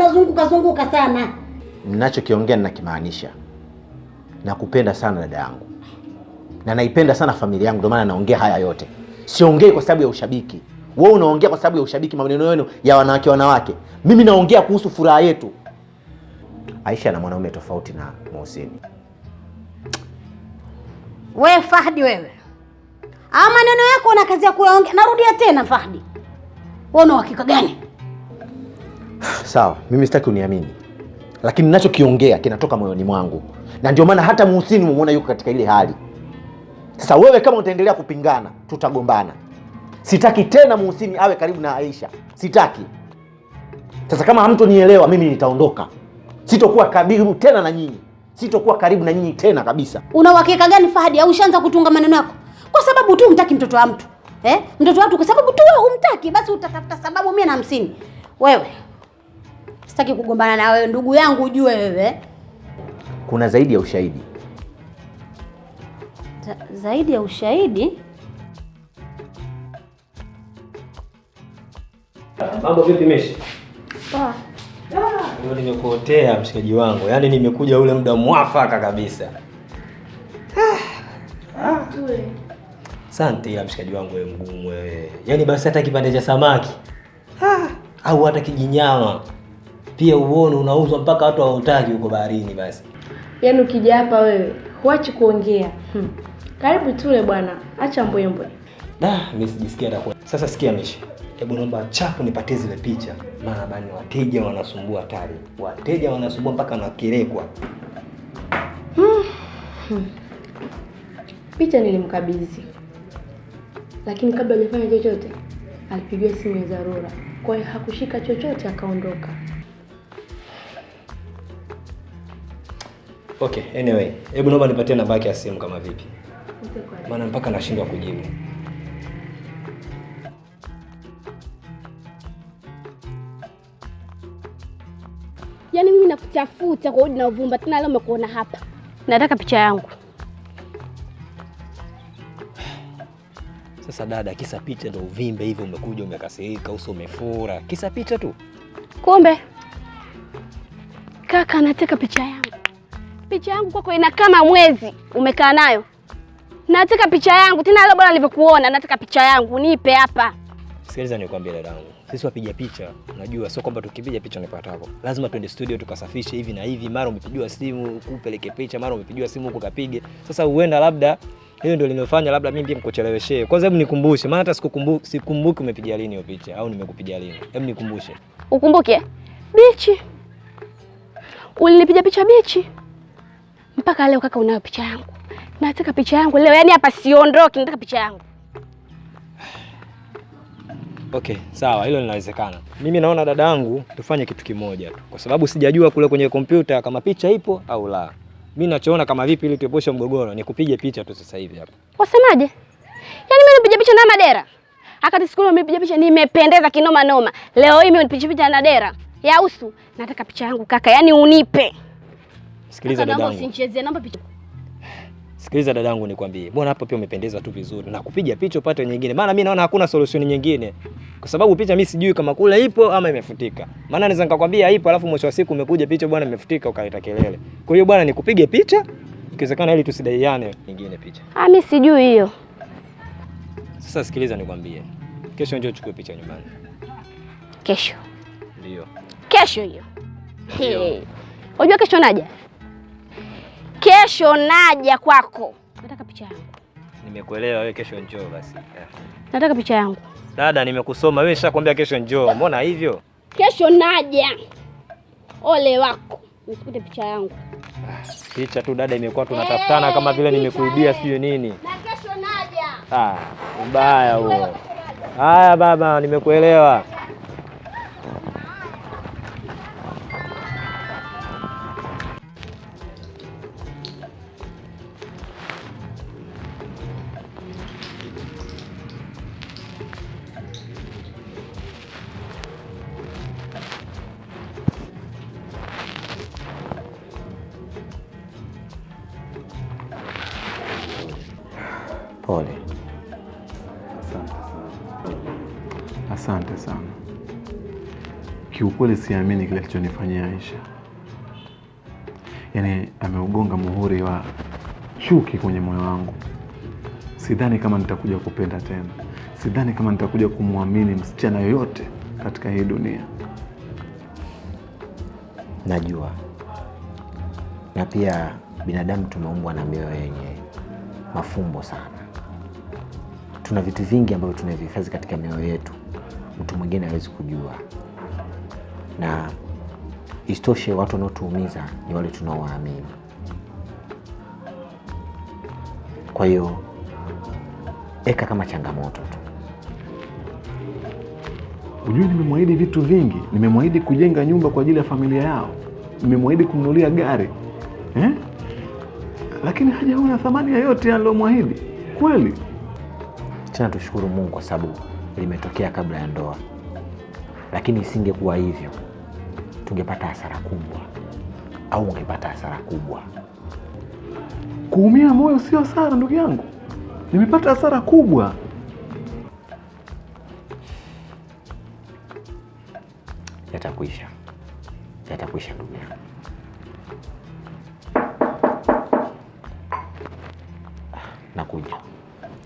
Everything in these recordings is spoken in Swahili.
unazunguka zunguka sana. Ninachokiongea ninakimaanisha. Nakupenda sana dada yangu, na naipenda sana familia yangu, ndio maana naongea haya yote. Siongei kwa sababu ya ushabiki. Wewe unaongea kwa sababu ya ushabiki, maneno yenu ya wanawake wanawake. Mimi naongea kuhusu furaha yetu. Aisha na mwanaume tofauti na Mohsin. Wewe Fahdi, wewe ama maneno yako una kazi ya kuyaongea. Narudia tena, Fahdi, wewe una uhakika gani? Sawa, mimi sitaki uniamini, lakini ninachokiongea kinatoka moyoni mwangu, na ndio maana hata Muhsini umemwona yuko katika ile hali. Sasa wewe kama utaendelea kupingana, tutagombana. Sitaki tena Muhsini awe karibu na Aisha, sitaki. Sasa kama hamtonielewa mimi, nitaondoka, sitokuwa karibu tena na nyinyi, sitokuwa karibu na nyinyi tena kabisa. Una uhakika gani Fahadi? Au ushaanza kutunga maneno yako kwa sababu tu umtaki mtoto wa mtu eh? Mtoto wa mtu kwa sababu tu wewe umtaki, basi utatafuta sababu mia na hamsini wewe sitaki kugombana na wewe ndugu yangu, ujue wewe. Kuna zaidi ya ushahidi za, zaidi ya ushahidi. Mambo vipi Meshi? Ah. nimekuotea mshikaji wangu, yaani nimekuja ule muda mwafaka kabisa. Asante ya mshikaji wangu wewe mgumu wewe. Yaani basi hata kipande cha samaki au hata kijinyama pia uone unauzwa mpaka watu waotagi huko baharini. Basi yaani ukija hapa wewe huachi kuongea hmm. Karibu tule bwana, acha mbwembwe. Da, mimi sijisikia takuwa. Sasa sikia Mishi, hebu naomba chapu nipatie zile picha, maana bani wateja wanasumbua tari, wateja wanasumbua mpaka wanakerekwa hmm. hmm. Picha nilimkabidhi, lakini kabla hajafanya chochote alipigiwa simu ya dharura, kwa hiyo hakushika chochote akaondoka. Okay, anyway, hebu naomba nipatie namba yake ya simu kama vipi? Maana mpaka nashindwa kujibu. Yaani mimi nakutafuta kwa udi na uvumba, tena leo umekuona hapa. Nataka picha yangu. Sasa dada, kisa picha ndio uvimbe hivi, umekuja umekasirika, uso umefura, kisa picha tu. Kumbe kaka anataka picha yangu picha yangu kwako ina kama mwezi umekaa nayo. Nataka picha yangu tena, leo bwana nilivyokuona, nataka picha yangu nipe hapa. Sikiliza nikwambie, yangu, sisi wapiga picha unajua, sio kwamba tukipiga picha hapo, lazima tuende studio tukasafishe hivi na hivi, mara umepigiwa simu kupeleke picha, mara umepigiwa simu huko kapige. Sasa huenda labda hiyo ndio linofanya labda mimi pia nikucheleweshee. Kwanza hebu nikumbushe, maana hata sikukumbuki, sikumbuki umepiga lini hiyo picha au nimekupiga lini. Hebu nikumbushe, ukumbuke bichi, ulinipiga picha bichi mpaka leo kaka, unayo picha yangu. Nataka picha yangu leo, yani hapa siondoki, nataka picha yangu. Okay, sawa, hilo linawezekana. Mimi naona dadangu, tufanye kitu kimoja tu, kwa sababu sijajua kule kwenye kompyuta kama picha ipo au la. Mi nachoona kama vipi, ili tuepushe mgogoro, ni kupige picha tu sasa hivi hapa. Wasemaje? Yaani mimi nipige picha na madera akati siku ile mimi picha nimependeza kinoma noma, leo hii mimi nipige picha na dera ya usu. Nataka picha yangu kaka, yani unipe Sikiliza dadangu. Usinichezee namba picha. Sikiliza dadangu, nikwambie, mbona hapa pia umependeza tu vizuri, na kupiga picha upate nyingine, maana mi naona hakuna solution nyingine, kwa sababu picha mi sijui kama kule ipo ama imefutika. Maana naweza nikakwambia ipo, alafu mwisho wa siku umekuja picha bwana imefutika, ukaleta kelele. Kwa hiyo bwana, nikupige picha ikiwezekana, ili tusidaiane nyingine picha. Ah, mi sijui hiyo. Sasa sikiliza nikwambie, kesho njoo uchukue picha nyumbani. Kesho? Ndio, kesho hiyo. Unajua kesho naja Kesho naja kwako, nataka picha yangu. Nimekuelewa wewe, kesho njoo basi. Eh. Nataka picha yangu. Dada, nimekusoma wewe, nishakwambia kesho njoo. Mbona hivyo? Kesho naja, ole wako, nisikute picha yangu. Ah, picha tu dada, imekuwa tunatafutana hey, eh, kama vile nimekuibia sijui nini. Na kesho naja. Ah, mbaya huo. Haya baba, nimekuelewa. Asante sana. Kiukweli siamini kile alichonifanyia Aisha. Yaani ameugonga muhuri wa chuki kwenye moyo wangu. Sidhani kama nitakuja kupenda tena. Sidhani kama nitakuja kumwamini msichana yoyote katika hii dunia. Najua. Na pia binadamu tumeumbwa na mioyo yenye mafumbo sana. Tuna vitu vingi ambavyo tunavihifadhi katika mioyo yetu mtu mwingine hawezi kujua, na isitoshe watu wanaotuumiza ni wale tunaowaamini. Kwa hiyo eka kama changamoto tu. Ujui, nimemwahidi vitu vingi, nimemwahidi kujenga nyumba kwa ajili ya familia yao, nimemwahidi kununulia gari eh? Lakini hajaona thamani yoyote aliyomwahidi kweli. Tena tushukuru Mungu kwa sababu limetokea kabla ya ndoa, lakini isingekuwa hivyo tungepata hasara kubwa, au ungepata hasara kubwa. Kuumia moyo sio hasara, ndugu yangu, nimepata hasara kubwa. Yatakuisha, yatakuisha ndugu yangu. Nakuja,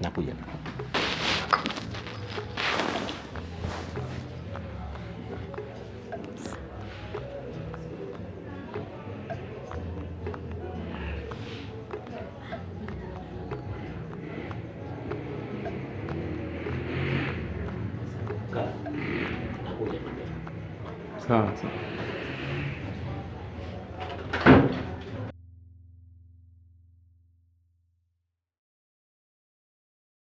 nakuja. 是。